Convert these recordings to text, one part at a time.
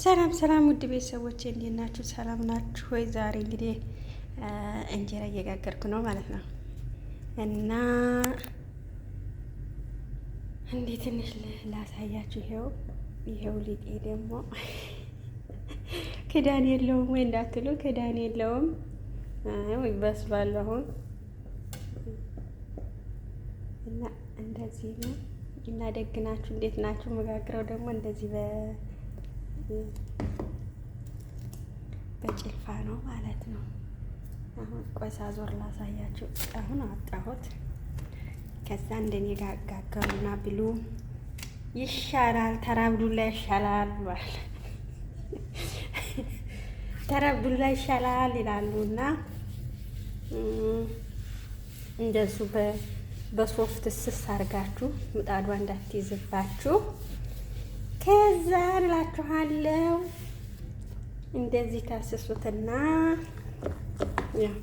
ሰላም ሰላም ውድ ቤተሰቦች እንዴት ናችሁ? ሰላም ናችሁ ወይ? ዛሬ እንግዲህ እንጀራ እየጋገርኩ ነው ማለት ነው እና እንዴ ትንሽ ላሳያችሁ። ይሄው ይሄው ሊጤ ደግሞ ክዳን የለውም ወይ እንዳትሉ፣ ክዳን የለውም ወይ በስሏል። አሁን እና እንደዚህ ነው እና ደግናችሁ፣ እንዴት ናችሁ? መጋግረው ደግሞ እንደዚህ በ በጭልፋ ነው ማለት ነው። አሁን ቆሳ ዞር ላሳያችሁ። አሁን አጣሁት። ከዛ እንደኔ ጋር አጋገሩና ብሉ ይሻላል፣ ተራብዱላ ይሻላል ብሏል። ተራብዱላ ይሻላል ይላሉ እና እንደሱ በሶፍት ስስ አርጋችሁ ምጣዷ እንዳትይዝባችሁ ከዛ እላችኋለሁ እንደዚህ ታስሱትና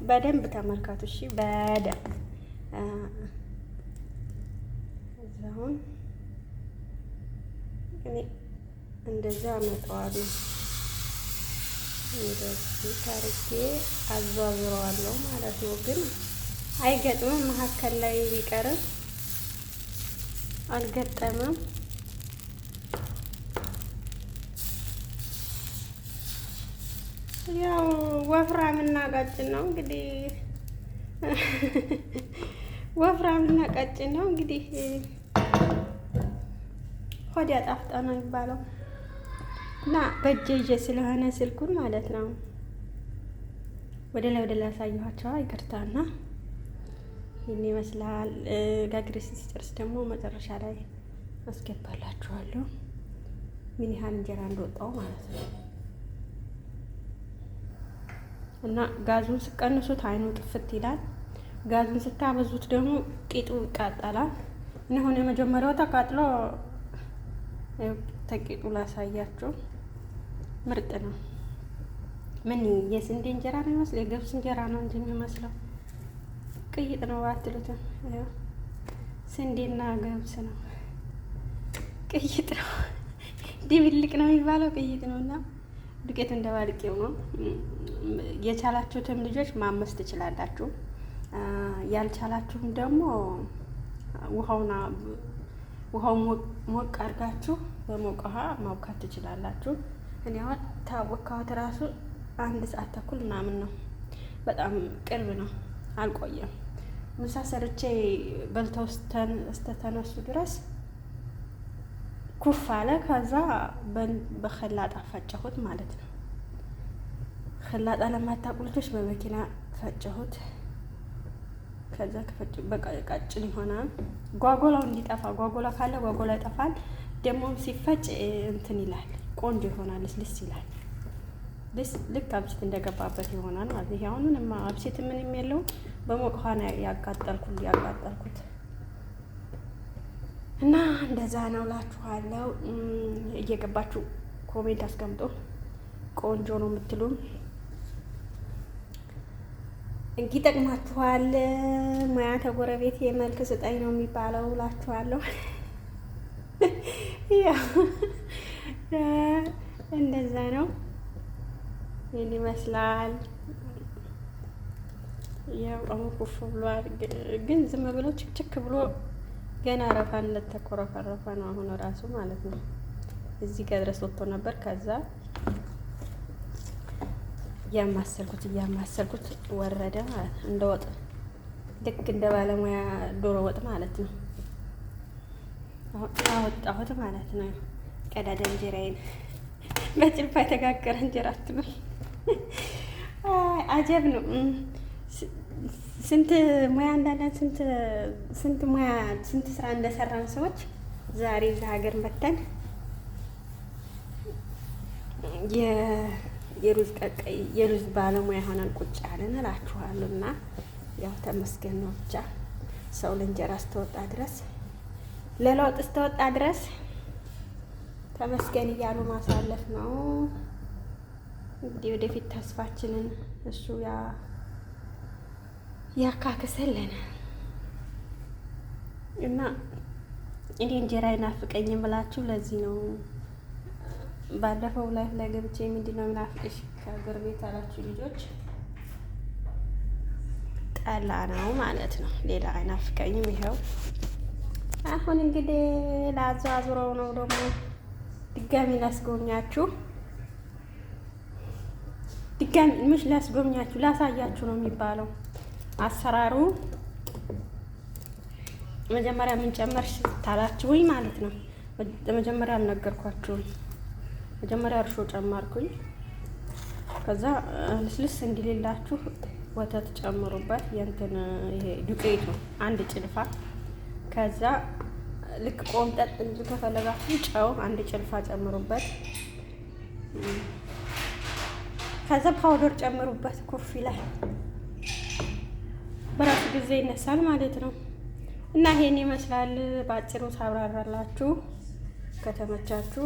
በደንብ ተመልከቱ። እሺ በደንብ እዛሁን እኔ እንደዛ አመጣዋለሁ። እንደዚህ ታርጌ አዟዝረዋለሁ ማለት ነው። ግን አይገጥምም። መካከል ላይ ቢቀርም አልገጠምም። ያው ወፍራምና ቀጭን ነው እንግዲህ ወፍራምና ቀጭን ነው እንግዲህ ሆድ ያጣፍጣ ነው የሚባለው እና በእጄ ይዤ ስለሆነ ስልኩን ማለት ነው ወደ ላይ ወደ ላይ ያሳየኋቸው ይቅርታና ይህን ይመስላል። ጋግሬ ሲጨርስ ደግሞ መጨረሻ ላይ አስገባላችኋለሁ ምን ያህል እንጀራ እንደወጣው ማለት ነው። እና ጋዙን ስቀንሱት አይኑ ጥፍት ይላል። ጋዙን ስታበዙት ደግሞ ቂጡ ይቃጠላል። እና አሁን የመጀመሪያው ተቃጥሎ ተቂጡ ላሳያቸው። ምርጥ ነው። ምን የስንዴ እንጀራ ነው ይመስል የገብስ እንጀራ ነው እንጂ የሚመስለው ቅይጥ ነው ባትሉትም ስንዴና ገብስ ነው። ቅይጥ ነው፣ ድብልቅ ነው የሚባለው ቅይጥ ነው እና ዱቄት እንደባልቄው ነው። የቻላችሁትም ልጆች ማመስ ትችላላችሁ። ያልቻላችሁም ደግሞ ውሃውን ውሃው ሞቅ አድርጋችሁ በሞቀ ውሃ ማውካት ትችላላችሁ። እኔ አሁን ራሱ አንድ ሰዓት ተኩል ምናምን ነው። በጣም ቅርብ ነው፣ አልቆየም። ምሳ ሰርቼ በልተው እስከተነሱ ድረስ ኩፍ አለ። ከዛ በከላጣ ፈጨሁት ማለት ነው። ከላጣ ለማታውቁ ልጆች በመኪና ፈጨሁት። ከዛ ከፈጭ በቃ ቀጭን ይሆናል። ጓጎላው እንዲጠፋ ጓጎላ ካለ ጓጎላ ይጠፋል። ደግሞም ሲፈጭ እንትን ይላል፣ ቆንጆ ይሆናል፣ ልስልስ ይላል። ልስ ልክ አብሲት እንደገባበት ይሆናል ማለት ይሄ። አሁን ምንም አብሲት ምንም የለውም። በሞቅ ውሃ ነው ያቃጠልኩት እና እንደዛ ነው ላችኋለው። እየገባችሁ ኮሜንት አስቀምጦ ቆንጆ ነው የምትሉም እንግዲህ ይጠቅማችኋል። ሙያ ተጎረቤት የመልክ ስጠኝ ነው የሚባለው ላችኋለሁ። እንደዛ ነው ይህን ይመስላል። ያው አሁን ኩፍ ብሏል፣ ግን ዝም ብሎ ችክችክ ብሎ ገና አረፋ እንደተኮረፈረፈ ነው አሁን እራሱ ማለት ነው። እዚህ ጋር ድረስ ወጥቶ ነበር። ከዛ እያማሰልኩት እያማሰልኩት ወረደ ማለት ነው። እንደ ወጥ ልክ እንደ ባለሙያ ዶሮ ወጥ ማለት ነው። አወጣሁት ማለት ነው። ቀዳዳ እንጀራዬን በጭልፋ የተጋገረ እንጀራ አትበል። አጀብ ነው። ስንት ሙያ እንዳለን ስንት ሙያ ስንት ስራ እንደሰራን ሰዎች ዛሬ እዛ ሀገር መተን የሩዝ ቀቀይ የሩዝ ባለሙያ ሆነን ቁጭ ያለን እላችኋለሁ። እና ያው ተመስገን ነው ብቻ ሰው ለእንጀራ ስተወጣ ድረስ ለለውጥ ስተወጣ ድረስ ተመስገን እያሉ ማሳለፍ ነው። እንግዲህ ወደፊት ተስፋችንን እሱ ያ ያካክሰልን እና እኔ እንጀራ ይናፍቀኝ የምላችሁ ለዚህ ነው። ባለፈው ላይፍ ላይ ገብቼ ምንድን ነው ምናፍቅሽ ከሀገር ቤት አላችሁ ልጆች፣ ጠላ ነው ማለት ነው። ሌላ አይናፍቀኝም። ይኸው አሁን እንግዲህ ለአዘዋዝረው ነው ደግሞ ድጋሚ ላስጎብኛችሁ ድጋሚ ምሽ ላስጎብኛችሁ ላሳያችሁ ነው የሚባለው አሰራሩ መጀመሪያ ምን ጨመርሽ ታላችሁኝ ማለት ነው። መጀመሪያ አልነገርኳችሁም። መጀመሪያ እርሾ ጨመርኩኝ። ከዛ ልስልስ እንዲልላችሁ ወተት ጨምሩበት። የእንትን ይሄ ዱቄቱ አንድ ጭልፋ። ከዛ ልክ ቆምጠጥ እንጂ ከፈለጋችሁ ጨው አንድ ጭልፋ ጨምሩበት። ከዛ ፓውደር ጨምሩበት ኮፊ ላይ ጊዜ ይነሳል ማለት ነው። እና ይሄን ይመስላል በአጭሩ ሳብራራላችሁ። ከተመቻችሁ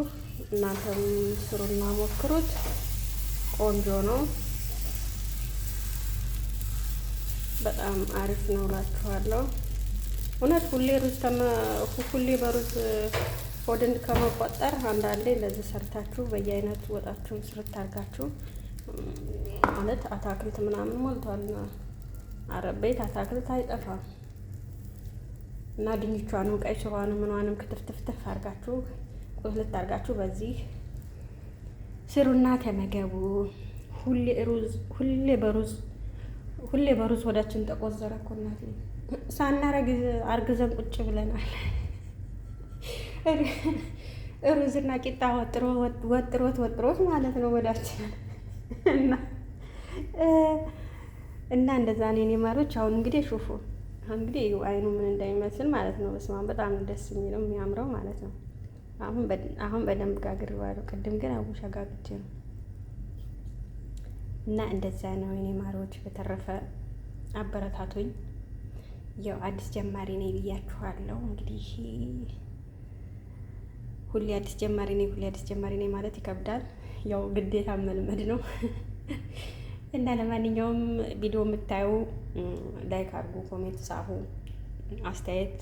እናንተም ስሩና ሞክሩት። ቆንጆ ነው፣ በጣም አሪፍ ነው እላችኋለሁ። እውነት ሁሌ ሩዝ ሁሌ በሩዝ ሆድን ከመቆጠር አንዳንዴ እንደዚህ ሰርታችሁ በየአይነት ወጣችሁን ስርት ማለት አታክልት ምናምን ሞልቷል ቤት አታክልት አይጠፋም እና ድንቿንም ቀይ ስሯንም ምኗንም ክትፍትፍትፍ አርጋችሁ ቁስልት አርጋችሁ በዚህ ስሩና ተመገቡ። ሁሌ ሩዝ ሁሌ በሩዝ ሁሌ በሩዝ ወዳችን ተቆዘረ እኮ እናቴ። ሳናረግ አርግዘን ቁጭ ብለናል። ሩዝና ቂጣ ወጥሮት ወጥሮት ማለት ነው ወዳችን እና እና እንደዛ ነው የኔ ማሮች። አሁን እንግዲህ ሹፉ አሁን እንግዲህ አይኑ ምን እንዳይመስል ማለት ነው። በስመ አብ በጣም ደስ የሚለው የሚያምረው ማለት ነው። አሁን አሁን በደንብ ጋግሬዋለሁ። ቅድም ግን አጉሻ ጋግቼ ነው እና እንደዛ ነው የኔ ማሮች። በተረፈ አበረታቶኝ ያው አዲስ ጀማሪ ነኝ ብያችኋለሁ። እንግዲህ ሁሌ አዲስ ጀማሪ ነኝ ሁሌ አዲስ ጀማሪ ነኝ ማለት ይከብዳል። ያው ግዴታ መልመድ ነው። እና ለማንኛውም ቪዲዮ የምታዩ ላይክ አድርጉ፣ ኮሜንት ጻፉ፣ አስተያየት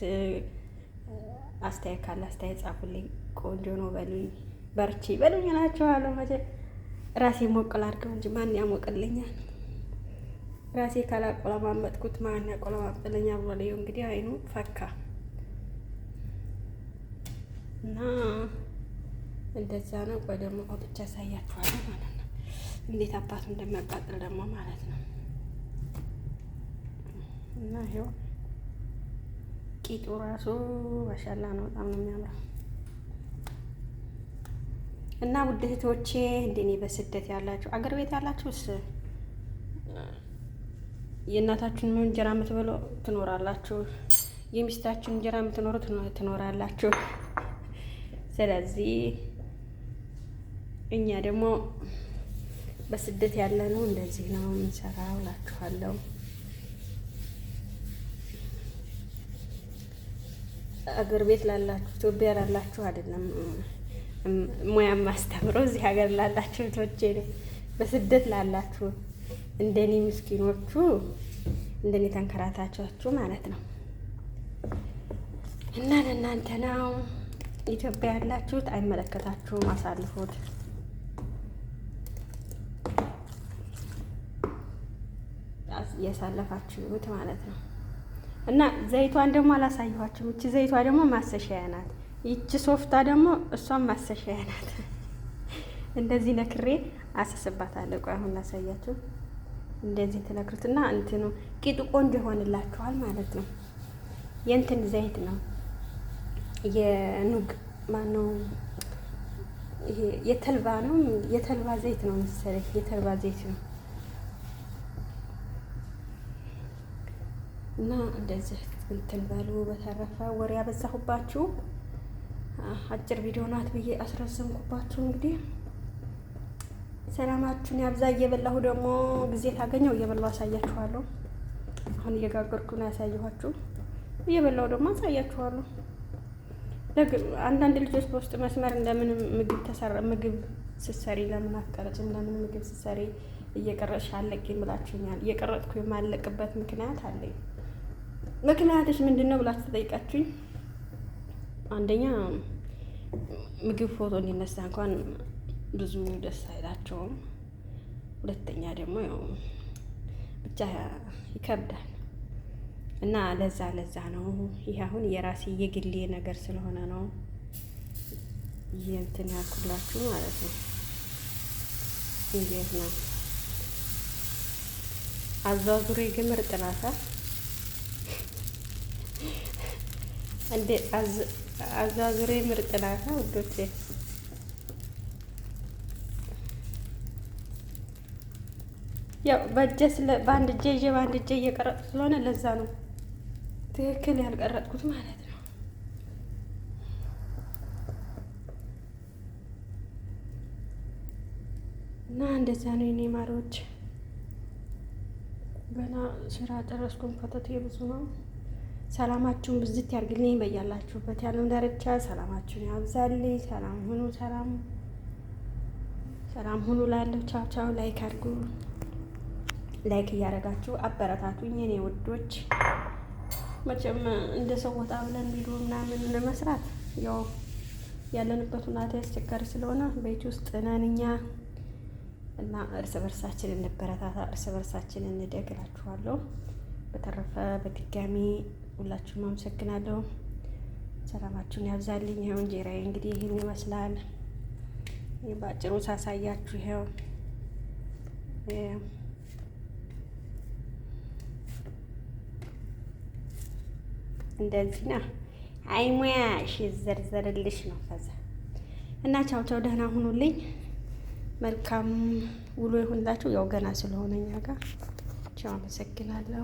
አስተያየት ካለ አስተያየት ጻፉልኝ። ቆንጆ ነው በሉኝ፣ በርቺ በሉኝ እላችኋለሁ። መቼ ራሴ ሞቅል አድርገው እንጂ ማን ያሞቅልኛል? ራሴ ካላቆለማመጥኩት ማን ያቆለማመጥልኛ ብሎ ብሎልኝ እንግዲህ አይኑ ፈካ እና እንደዛ ነው። ቆይ ደግሞ አውጥቼ ያሳያችኋለሁ ማለት ነው። እንዴት አባቱ እንደሚያቃጥል ደግሞ ማለት ነው። እና ይሄው ቂጡ ራሱ ማሻላ ነው፣ በጣም ነው የሚያምረው። እና ውድ እህቶቼ እንደኔ በስደት ያላችሁ አገር ቤት ያላችሁስ የእናታችሁን እንጀራ የምትበሉ ትኖራላችሁ፣ የሚስታችሁን እንጀራ የምትኖሩ ትኖራላችሁ። ስለዚህ እኛ ደግሞ በስደት ያለ ነው እንደዚህ ነው የምንሰራ እላችኋለሁ። አገር ቤት ላላችሁ ኢትዮጵያ ላላችሁ አይደለም ሙያ ማስተምረው እዚህ ሀገር ላላችሁ ቶቼ ነው። በስደት ላላችሁ እንደኔ ምስኪኖቹ እንደኔ ተንከራታቻችሁ ማለት ነው እና ለእናንተ ነው። ኢትዮጵያ ያላችሁት አይመለከታችሁም፣ አሳልፎት። እያሳለፋችሁት ማለት ነው። እና ዘይቷን ደግሞ አላሳየኋችሁም። እቺ ዘይቷ ደግሞ ማሰሻያ ናት። ይቺ ሶፍታ ደግሞ እሷም ማሰሻያ ናት። እንደዚህ ነክሬ አስስባታለሁ። ቆይ አሁን ላሳያችሁ። እንደዚህ ትነክሩትና እንትኑ ቂጡ ቆንጆ ይሆንላችኋል ማለት ነው። የእንትን ዘይት ነው የኑግ ማነው ይሄ የተልባ ነው። የተልባ ዘይት ነው መሰለኝ። የተልባ ዘይት ነው እና እንደዚህ እንትን በሉ። በተረፈ ወሬ ያበዛሁባችሁ አጭር ቪዲዮ ናት ብዬ አስረዘምኩባችሁ። እንግዲህ ሰላማችሁን ያብዛ። እየበላሁ ደግሞ ጊዜ ታገኘው እየበላሁ አሳያችኋለሁ። አሁን እየጋገርኩ ነው ያሳየኋችሁ። እየበላሁ ደግሞ አሳያችኋለሁ። አንዳንድ ልጆች በውስጥ መስመር እንደምን ምግብ ተሰራ ምግብ ስሰሪ ለምን አትቀረጭም? ለምን ምግብ ስሰሪ እየቀረጥሽ አለቅ ብላችሁኛል። እየቀረጥኩ የማለቅበት ምክንያት አለኝ። ምክንያትሽ ምንድን ነው ብላችሁ ተጠይቃችሁኝ፣ አንደኛ ምግብ ፎቶ እንዲነሳ እንኳን ብዙ ደስ አይላቸውም። ሁለተኛ ደግሞ ያው ብቻ ይከብዳል እና ለዛ ለዛ ነው ይህ አሁን የራሴ የግሌ ነገር ስለሆነ ነው እንትን ያልኩላችሁ ማለት ነው። እንዴት ነው አዟዙሬ ግምር ጥላታ እንዴ አዟዙሬ ምርጥ ናት ውዶቼ። ያው በእጄ በአንድ እጄ ይዤ በአንድ እጄ እየቀረጥኩ ስለሆነ ለዛ ነው ትክክል ያልቀረጥኩት ማለት ነው። እና እንደዛ ነው የኔ ማሪዎች። ገና ስራ ጨረስኩም። ከተቴ ብዙ ነው። ሰላማችሁን ብዝት ያርግልኝ። በያላችሁበት ያለው ዳርቻ ሰላማችሁን ያብዛልኝ። ሰላም ሁኑ፣ ሰላም ሰላም ሁኑ ላለው ቻው ቻው። ላይክ አድርጉ፣ ላይክ እያደረጋችሁ አበረታቱኝ የኔ ውዶች። መቼም እንደ ሰው ወጣ ብለን ቢሉ ምናምን ለመስራት ያው ያለንበት ሁኔታ አስቸጋሪ ስለሆነ ቤት ውስጥ ነን እኛ እና እርስ በርሳችን እንበረታታ፣ እርስ በርሳችን እንደግላችኋለሁ። በተረፈ በድጋሚ ሁላችሁም አመሰግናለሁ። ሰላማችሁን ያብዛልኝ። ይኸው እንጀራዬ እንግዲህ ይህን ይመስላል። በአጭሩ ሳሳያችሁ ይኸው እንደዚህ ነው። አይ ሙያሽ ይዘርዘርልሽ ነው ከዛ እና ቻው ቻው፣ ደህና ሁኑልኝ። መልካም ውሎ ይሁንላችሁ። ያው ገና ስለሆነ እኛ ጋር ቻው፣ አመሰግናለሁ።